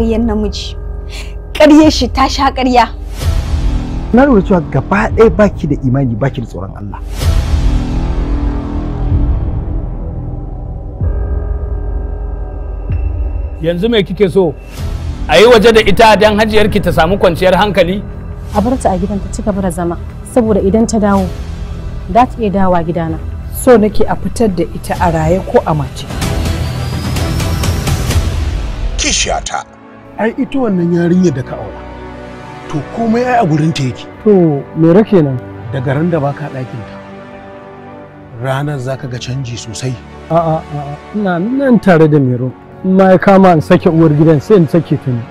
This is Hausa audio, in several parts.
ƙaryar namiji ƙaryar shi ta sha ƙarya na lura cewa gaba ɗaya baki da imani baki da tsoron Allah yanzu me kike so a yi waje da ita don hajiyarki ta samu kwanciyar hankali a bar ta a gidan ta ci gaba da zama saboda idan ta dawo za ta iya dawowa gidana so nake a fitar da ita a raye ko a mace kishiyata ai ita wannan yarinyar da ka aura to komai ai a gurin ta yake to ra kenan daga ran da baka ɗakin ta ranar zaka ga canji sosai a'a a ina nan tare da mero amma ya kama in sake uwar gidan sai in sake ta ne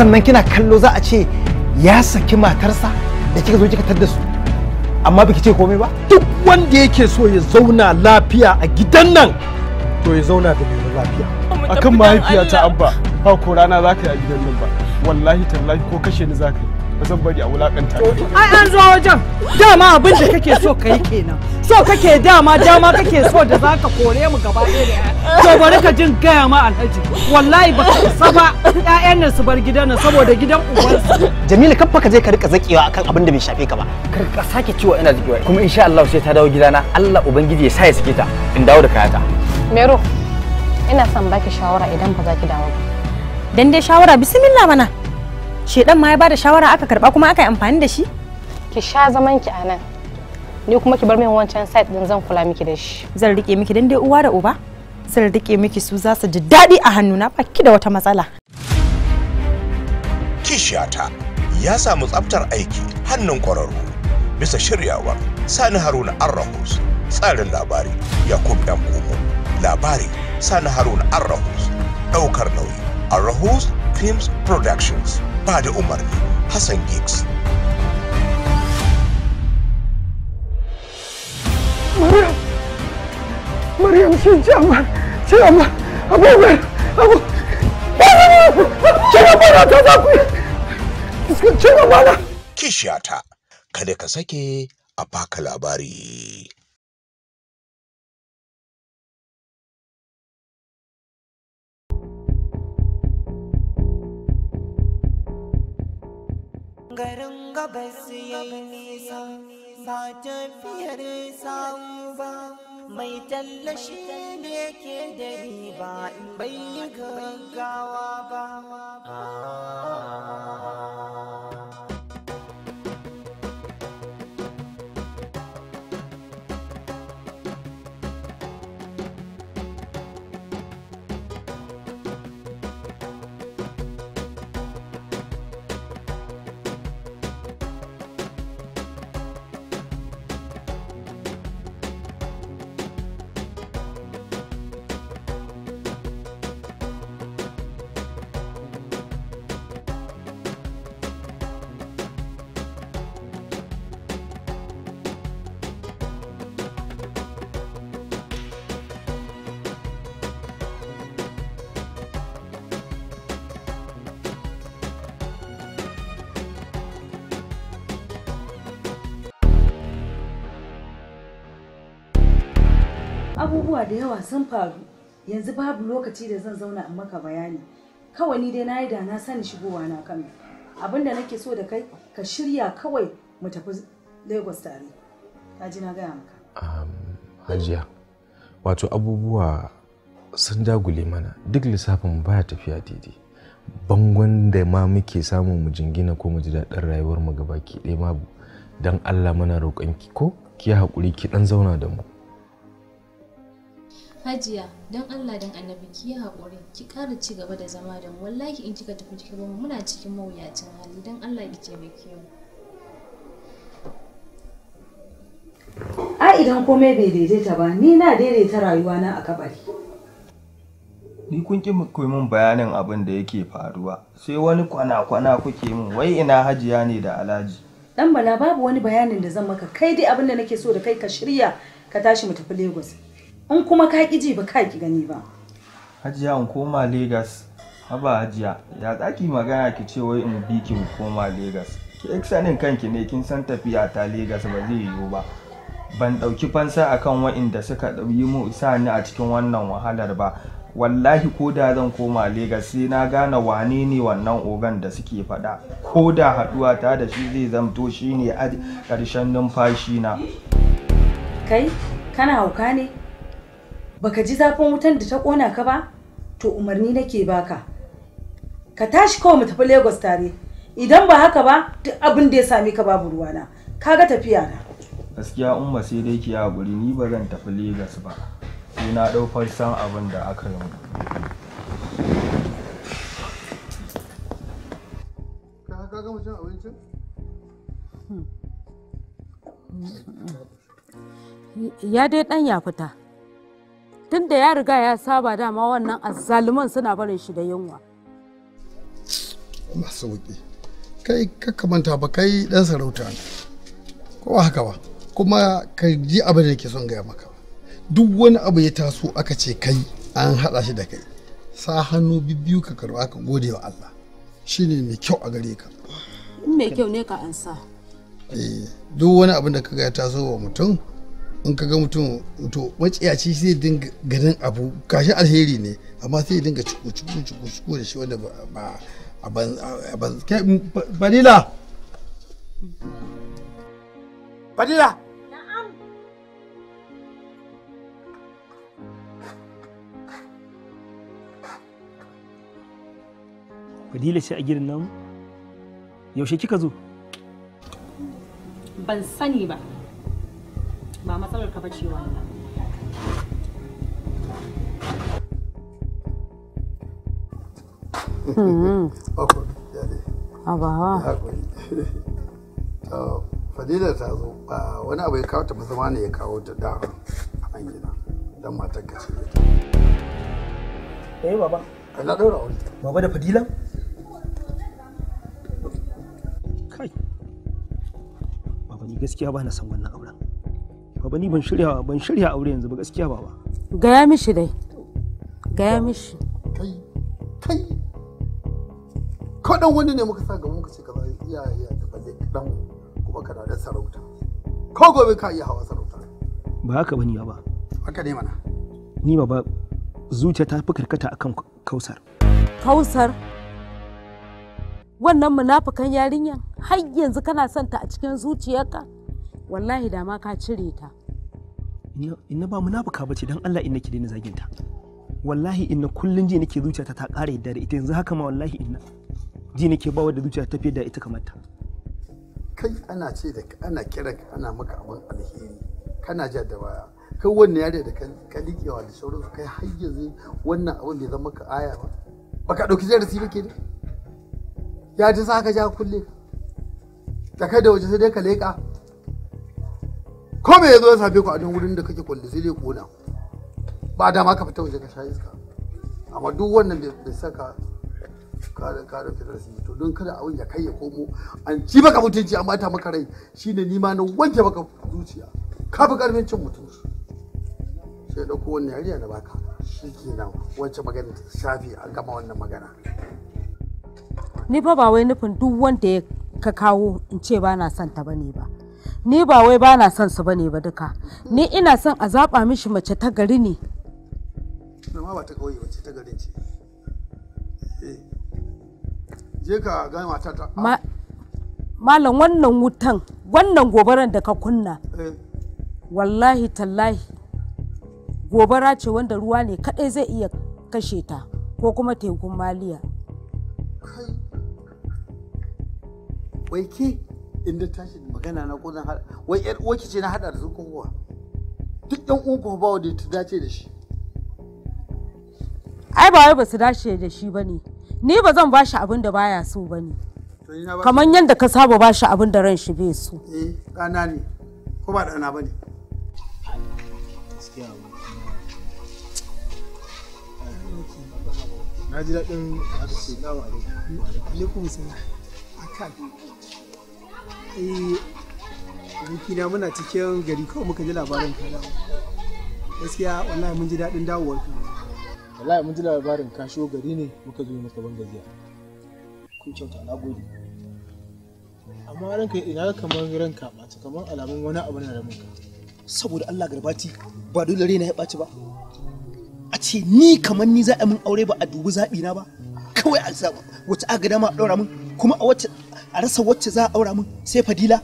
sannan kina kallo za a ce ya saki matarsa da kika zo kika tar da su amma biki ce komai ba duk wanda yake so ya zauna lafiya a gidan nan to ya zauna da mai lafiya akan mahaifiyata abba ba ko rana zaka yi a gidan nan ba wallahi tallahi ko kashe ni zaka yi ba zan bari a wulakanta ai an zo wajen dama abin da kake so kai kenan so kake dama dama kake so da zaka kore mu gaba ɗaya to bari ka jin gaya ma alhaji wallahi ba ka ba ƴaƴan nan su bar gidan nan saboda gidan ubansu jamilu kafa ka je ka rika zakewa akan abin da bai shafe ka ba kar ka sake ciwo ina zakewa kuma insha Allah sai ta dawo gidana Allah ubangiji ya sa ya sake ta in dawo da kayata mero ina son baki shawara idan ba za ki dawo ba dan dai shawara bismillah mana dan ma ya bada shawara aka karba kuma aka yi amfani da shi ki sha zaman ki anan ni kuma ki bar min wancan site din zan kula miki da shi zan rike miki dan dai uwa da uba zan rike miki su zasu ji daɗi a hannuna ba ki da wata matsala kishiyata ya samu tsaftar aiki hannun kwararru bisa shiryawar sani haruna arrahus tsarin labari yakub dan labari sani haruna arrahus ɗaukar nauyi arrahus films productions ba da umarni Hassan Giggs. mariam Maryam shi ce amma, ce amma, abubuwan, abu, ce amma na ta za ku yi, ce amma na. Kishiyata, kada ka sake a baka labari. garin gabas ya yi nisa ba tafiyar samu ba mai tallashi ne ke da riba bai yi gaggawa ba abubuwa da yawa sun faru yanzu babu lokaci da zan zauna in maka bayani kawai ni dai na yi da na sani shigowa na kano abinda nake so da kai ka shirya kawai mu tafi lagos tare na ji na gaya maka hajiya wato abubuwa sun dagule mana duk lissafin baya tafiya daidai bangon da ma muke samun mu jingina ko mu ji daɗin rayuwar mu gaba ki ɗaya babu don allah mana roƙon ki ko ki haƙuri ki ɗan zauna da mu hajiya don allah don annabi ki yi haƙuri ki ƙara ci gaba da zama da mu wallahi in kika tafi cikin ruwan muna cikin mawuyacin hali don allah ki mai kiyo. a idan komai bai daidaita ba ni na daidaita rayuwa na a kabari ni kun ki ku min bayanin abin da yake faruwa sai wani kwana-kwana kuke min wai ina hajiya ne da alhaji dan bala babu wani bayanin da zan maka kai dai abin da nake so da kai ka shirya ka tashi mu tafi lagos in kuma ka ƙi ji ba ka ƙi gani ba hajiya in koma Legas haba hajiya ya tsaki magana ki ce wai in bi ki koma Legas ki sanin kanki ne kin san tafiya ta Legas ba zai yiwu ba ban ɗauki fansa akan wa'inda suka yi mu isa ni a cikin wannan wahalar ba wallahi ko da zan koma Legas sai na gane wane ne wannan ogan da suke faɗa ko da haɗuwa ta da shi zai zamto shi ne a ƙarshen numfashi na kai kana hauka ne baka ji zafin wutan da ta kona ka ba to umarni nake baka ka tashi kawai mu tafi Lagos tare idan ba haka ba duk abin da ya same ka babu ruwana kaga tafiya na gaskiya umma sai dai ki guri ni ba zan tafi Lagos ba sai na dau farsan abin da aka yi ya dai dan ya fita tunda ya riga ya saba dama wannan azzaluman suna barin shi da yunwa masu wuki kai ka kamanta ba kai dan sarauta ne ko ba haka ba kuma ka ji abin da ke son gaya maka duk wani abu ya taso aka ce kai an haɗa shi da kai sa hannu biyu ka karɓa ka gode wa Allah shine mai kyau a gare ka in mai kyau ne ka ansa eh, duk wani abin da kaga ya taso wa mutum in ka ga mutum to maciyaci sai dinga ganin abu kashi alheri ne amma sai ya dinga cuku cuku cuku cuku da shi wanda ba a ban fadila fadila badila ce a gidan namu yaushe kika zo ban sani ba ka bace wannan hmm. fadila ta zo ba wani abu ya kawo ta zama ne ya kawo ta da a nan gida don matar ka ce eh baba na daura wani baba da fadila kai baba ni gaskiya ba na san wannan baba ni ban shirya ban shirya aure yanzu ba gaskiya baba gaya mishi dai gaya mishi kai kai dan wani ne muka sa gaba muka ce kaza iya iya da balle dan kuma kana da sarauta ko gobe ka iya hawa sarauta ba haka bane ba haka ne mana ni baba zuciya ta fi karkata akan kausar kausar wannan munafukan yarinya har yanzu kana son ta a cikin zuciyarka wallahi da ma ka cire ta inna ba munafuka bace dan Allah inna ki daina zagin ta wallahi inna kullun ji nake zuciyata ta ƙara yadda da ita yanzu haka ma wallahi inna ji nake ba wadda zuciya ta fiye da ita kamar ta kai ana ce da ana kira ana maka abin alheri kana ja da baya kai wannan yare da ka likewa da sauran kai har yanzu wannan abin da ya zama ka aya ba baka ɗauki jarasi ba ke ya ji saka ka ja kulle da kai da waje sai dai ka leƙa ko me yazo ya safe ku a nan wurin da kake kwalli sai dai kona ba da ma ka fita waje ka sha iska amma duk wannan bai saka kare kare fitar su to don kada abin ya kai ya komo an ci maka mutunci an bata maka rai shine ni ma na wanke maka zuciya ka fi karfin cin mutunci sai dauko wannan yariya da baka shikenan wancan magana ta shafi a gama wannan magana ni fa ba wai nufin duk wanda ya ka kawo in ce ba na son ta bane ba ni ba wai ba na son su bane ba duka ni ina son a zaba mishi mace ta gari ne amma ba ta kauye ce ta garin ce eh. je ka ga mata ta malam wannan wutan wannan gobaran da ka kunna eh. wallahi tallahi gobara ce wanda ruwa ne kadai zai iya kashe ta ko kuma tekun maliya wai ke in da tashi magana na ko zan hada wai yar uwa ce na hada da su kowa duk ɗan uku ba wa da ta dace da shi ai ba wai ba su dace da shi ba ne ni ba zan ba shi abin da baya so ba ne kamar yadda ka saba ba shi abin da ran shi bai so eh ɗana ne ko ba ɗana bane gaskiya na ji daɗin alaikum salam akan Eh, abokina muna cikin gari kawai muka ji labarin ka dawo gaskiya wallahi mun ji daɗin dawowar ka wallahi mun ji labarin ka shigo gari ne muka zo maka ban gajiya kun kyauta na gode amma ranka ina kamar ranka ɓaci kamar alamun wani abu na da ka saboda Allah garbati ba dole rena ya ɓaci ba a ce ni kamar ni za a min aure ba a dubi zaɓi na ba kawai a zaɓa wacce aka gada ma a ɗaura min kuma a wacce a rasa wacce za a aura min sai fadila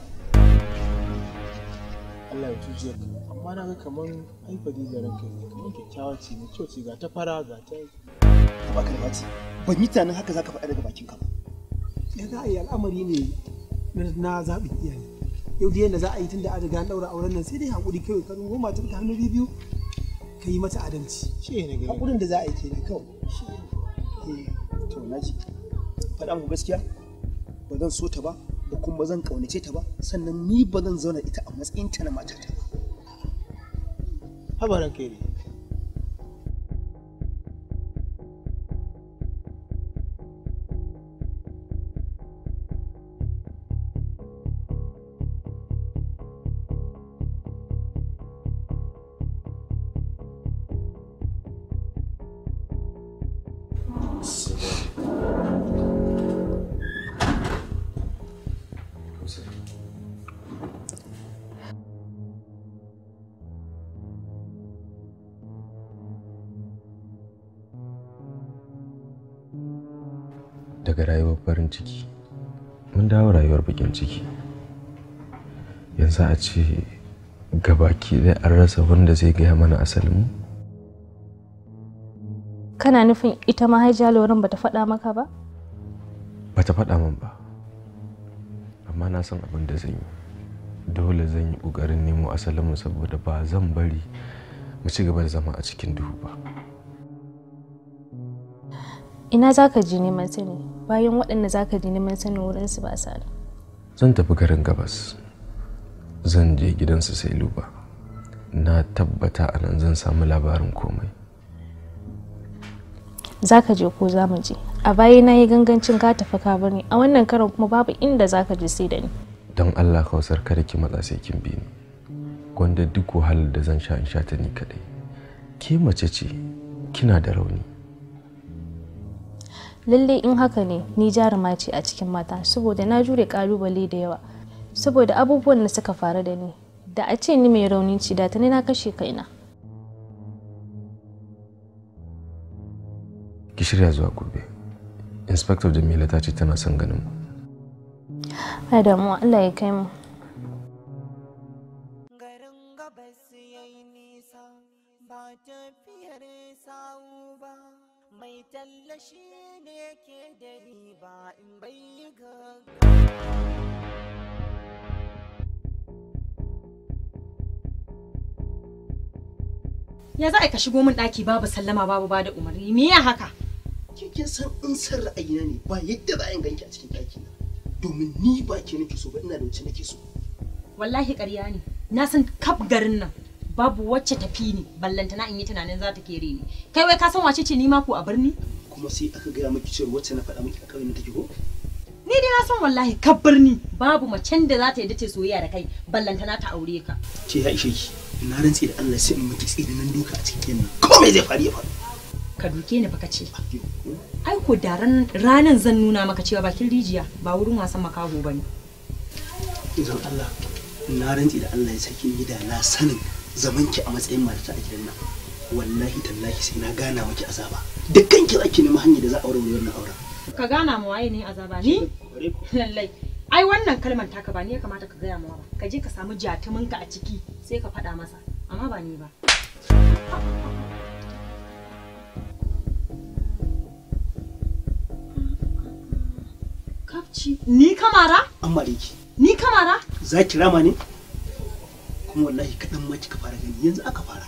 Allah ya tuje ka amma na ga kaman ai fadila ranka ne kaman kyakkyawa ce mai kyau ce ga ta fara ga ta Ka ba kalma ce ban yi tunanin haka zaka faɗa daga bakin ka ba ya za a yi al'amari ne na zaɓin iyaye yau da yadda za a yi tun da an riga an ɗaura auren nan sai dai haƙuri kawai ka rungo matar ka hannu biyu ka yi mata adalci shi ne gari haƙurin da za a yi kenan kawai Shi ne. Eh, to na ji faɗa muku gaskiya ba zan so ta ba ba kuma zan kaunace ta ba sannan ni ba zan zauna ita a matsayin ta na matata ba kai ne daga rayuwar farin ciki mun dawo rayuwar bakin ciki yanzu a ce gabaki ɗaya an rasa wanda zai gaya mana asalinmu kana nufin ita ma hajiya ba bata faɗa maka ba bata faɗa min ba amma na san abin da zan yi dole zan yi ƙoƙarin nemo asalinmu saboda ba zan bari mu ci gaba da zama a cikin duhu ba ina zaka ka ji neman sani bayan waɗanda za ka ji neman sanin wurinsu ba sa zan tafi garin gabas zan je gidansu sai luba na tabbata a nan zan samu labarin komai za ka je ko za mu je a baya na yi gangancin ka tafi ka bani a wannan karon kuma babu inda za ka je sai da ni don allah kausar kada ki matsa sai kin bi ni gwanda duk wahalar da zan sha in sha ta ni kaɗai ke mace ce kina da rauni lalle in haka ne ni jaruma ce a cikin mata saboda na jure kalubale da yawa saboda abubuwan da suka faru da ni da a ce ni mai raunin ci da ta ne na kashe kaina ki shirya zuwa gobe inspector jamila ta ce tana son ganin mu ai mu allah ya kai mu ba tafiyar mai tallashi ne ke da riba in bai ga. ya za a ka shigo min ɗaki babu sallama babu bada umarni me ya haka kin san in san ra'ayina ne ba yadda za a ganki a cikin ɗaki na domin ni ba ke nake so ba ina da na nake so wallahi ƙarya ne na san kaf garin nan babu wacce tafi ni ballantana in yi tunanin za ta kere ni kai wai ka san wace ce ni ma ko a birni kuma sai aka gaya miki cewa wacce na faɗa miki a kawai take ko ni dai na san wallahi ka birni babu macen da za ta yi dace soyayya da kai ballantana ta aure ka ce ya ishe ki na rantse da Allah sai in miki nan duka a cikin nan komai zai faru ya faru ka duke ni baka ce ai ko da ranan zan nuna maka cewa bakin rijiya ba wurin wasan makaho bane Izan Allah, na rantse da Allah ya saki gida na sanin zamanki a matsayin mata a gidan nan wallahi tallahi sai na gana maki azaba da kanki zaki nemi hanyar da za a aure wannan aure ka gana mu waye ne azaba ni lallai ai wannan kalmar taka ba ni ya kamata ka gaya mawa ba ka je ka samu jatuminka a ciki sai ka faɗa masa amma ba ni ba kafci ni kamara amma ki ni kamara za ki rama ne kuma wallahi kaɗan ma kika fara gani yanzu aka fara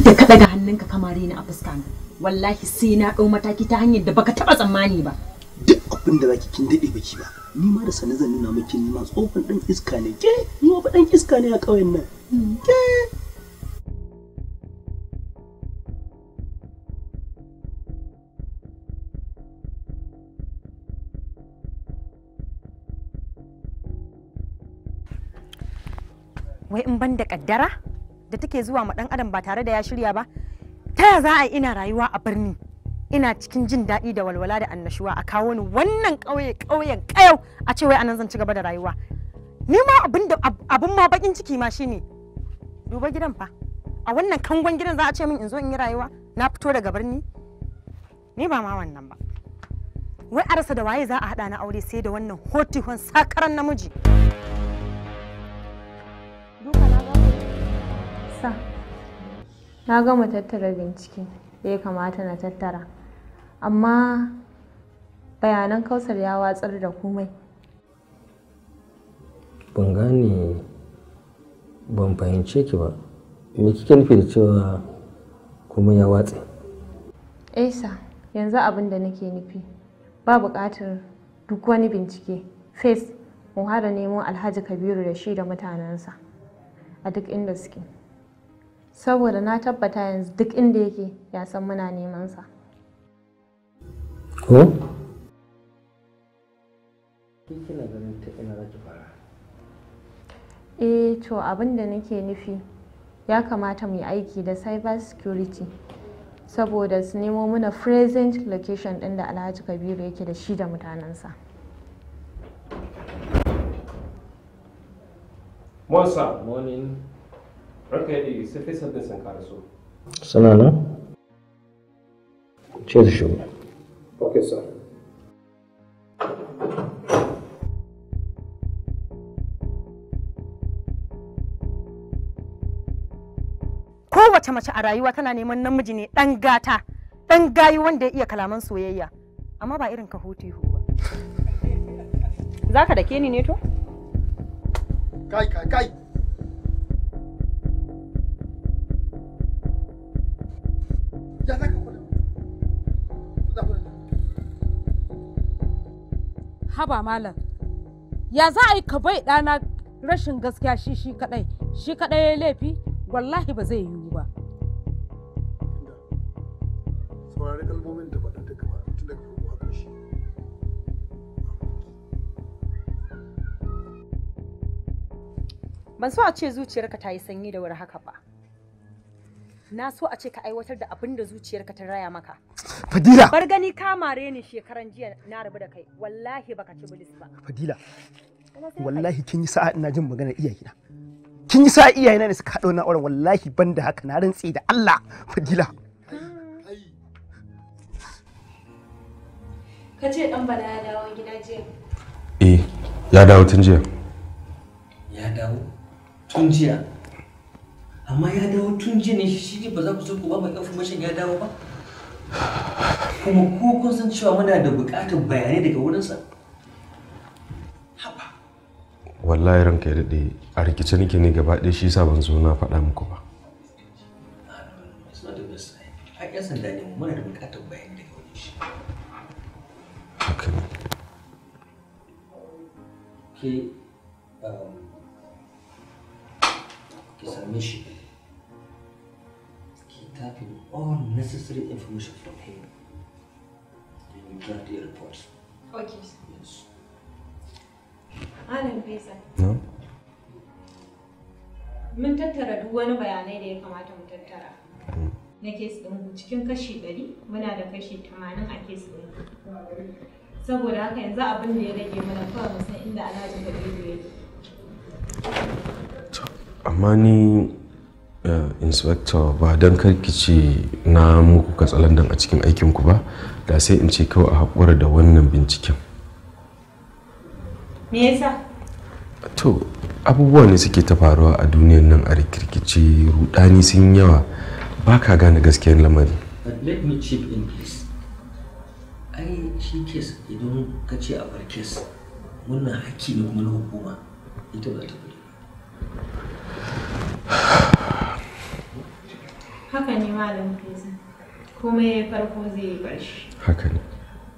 yadda ka daga hannunka kamare ni a fuska na wallahi sai na dau mataki ta hanyar da baka taba tsammani ba duk abin da zaki kin dade baki ba ni ma da sanin zan nuna miki ni ma dan iska ne ke ni ma dan iska ne a kauyen nan hmm. ke Wai in ban da kaddara? da take zuwa ma dan adam ba tare da ya shirya ba ta za a ina rayuwa a birni ina cikin jin daɗi da walwala da annashuwa a kawo ni wannan ƙauye ƙauyen ƙayau a ce wai anan zan ci gaba da rayuwa ni ma abin da abin ma bakin ciki ma shine duba gidan fa a wannan kangon gidan za a ce min in zo in yi rayuwa na fito daga birni ni ba ma wannan ba wai arsa da waye za a hada na aure sai da wannan hotihon sakaran namiji sa na gama tattara bincike da ya kamata na tattara amma bayanan kausar ya watsar da komai ban gane ban fahimce ki ba me kike nufi da cewa kuma ya watse esa eh, yanzu abin da nake nufi ba buƙatar duk wani bincike face mu hada nemo alhaji kabiru da shi da mutanensa a duk inda suke saboda na tabbata yanzu duk inda yake ya san muna neman sa ko eh to abin da nake nufi ya kamata mu yi aiki da cyber security saboda su nemo mana present location ɗin da alhaji kabiru yake da shi da mutanensa Morning. ranka yadda sai kai sabbin sun karaso suna nan ce da shugaba ok sir kowace mace a rayuwa tana neman namiji ne dan gata dan gayu wanda ya iya kalaman soyayya amma ba irin ka hutu ba za ka dake ni ne to kai kai kai haba malam ya za a yi ka bai ɗana rashin gaskiya shi shi kaɗai shi kaɗai ya laifi wallahi ba zai yiwu ba ban so a ce zuciyarka ta yi sanyi da wuri haka ba na so a ce ka aiwatar da abin da zuciyarka ta raya maka fadila bar gani ka mare ni shekaran jiya na rabu da kai wallahi baka ci bilis ba fadila wallahi kin yi sa'a ina jin magana iyayena kin yi sa'a iyayena ne suka haɗa na auren wallahi banda haka na rantse da Allah fadila ah. ka ce dan bala ya dawo gida jiya eh ya dawo tun jiya ya dawo tun jiya amma ya dawo tun jiya ne shi ne ba za ku so ku ba mai information ya dawo ba kuma ko kun san cewa muna da buƙatar bayanai daga wurinsa haɓa. wallahi ranka ya daɗe a rikice nake ne gaba ɗaya shi yasa ban zo na faɗa muku ba yan sanda ne muna da buƙatar bayanai daga ke um, ki shi tapping all necessary information from him. Then we draft the report. Okay. Yes. Alan No? Mun tattara duk wani bayanai da ya kamata mu tattara. Hmm. Na kes ɗin cikin kashi ɗari muna da kashi tamanin a kes ɗin. Saboda haka yanzu abin da ya rage mana kawai mu san inda Alhaji Kabiru yake. Amma ni Eh, inspector ba don ce na muku katsalandan a cikin aikinku ba da sai in ce kawai a haƙura da wannan binciken me yasa to abubuwa ne suke ta faruwa a duniyar nan a rikirkice rudani sun yawa ba ka gane gaskiyar lamari let me chip in please ai shi kes idan ka ce a bar kes wannan haƙƙi ne kuma na hukuma ita ba ta haka ne malam fesa kuma ya farko zai yi ƙarshe haka ne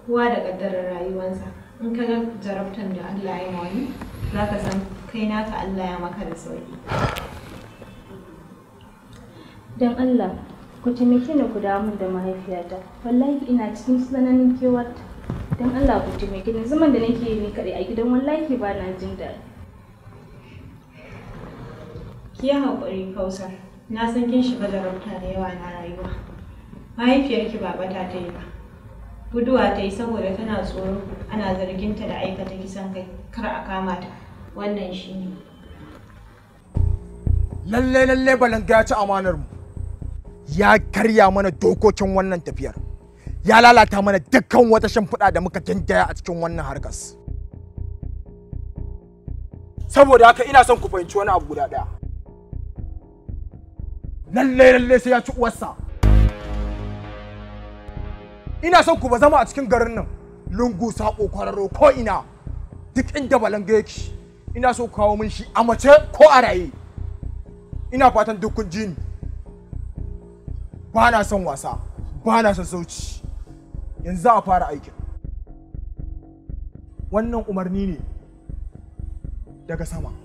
kowa da ƙaddarar rayuwarsa in ka ga jarabtan da allah ya wani za ka san kai naka allah ya maka da sauki don allah ku taimake ni ku dawo da mahaifiyata wallahi ina cikin tsananin kewarta don allah ku taimake ni zaman da nake yi ni kaɗai a gidan wallahi ba na jin daɗi ki yi haƙuri kausar na san kin shiga rabta da yawa na rayuwa mahaifiyarki ba bata ta yi ba guduwa ta yi saboda tana tsoro ana zarginta da aikata kisan kai kar a kama ta wannan shi ne lalle lalle balanga ya ci amanar mu ya karya mana dokokin wannan tafiyar ya lalata mana dukkan wata shimfiɗa da muka gindaya a cikin wannan harkar. saboda haka ina son ku fahimci wani abu guda ɗaya lalle lalle sai ya ci uwarsa ina son ku ba zama a cikin garin nan lungu sako kwararo ko ina duk inda balanga yake ina so kawo min shi a mace ko a raye ina fatan duk kun ba na son wasa ba na son sauci yanzu a fara aikin wannan umarni ne daga sama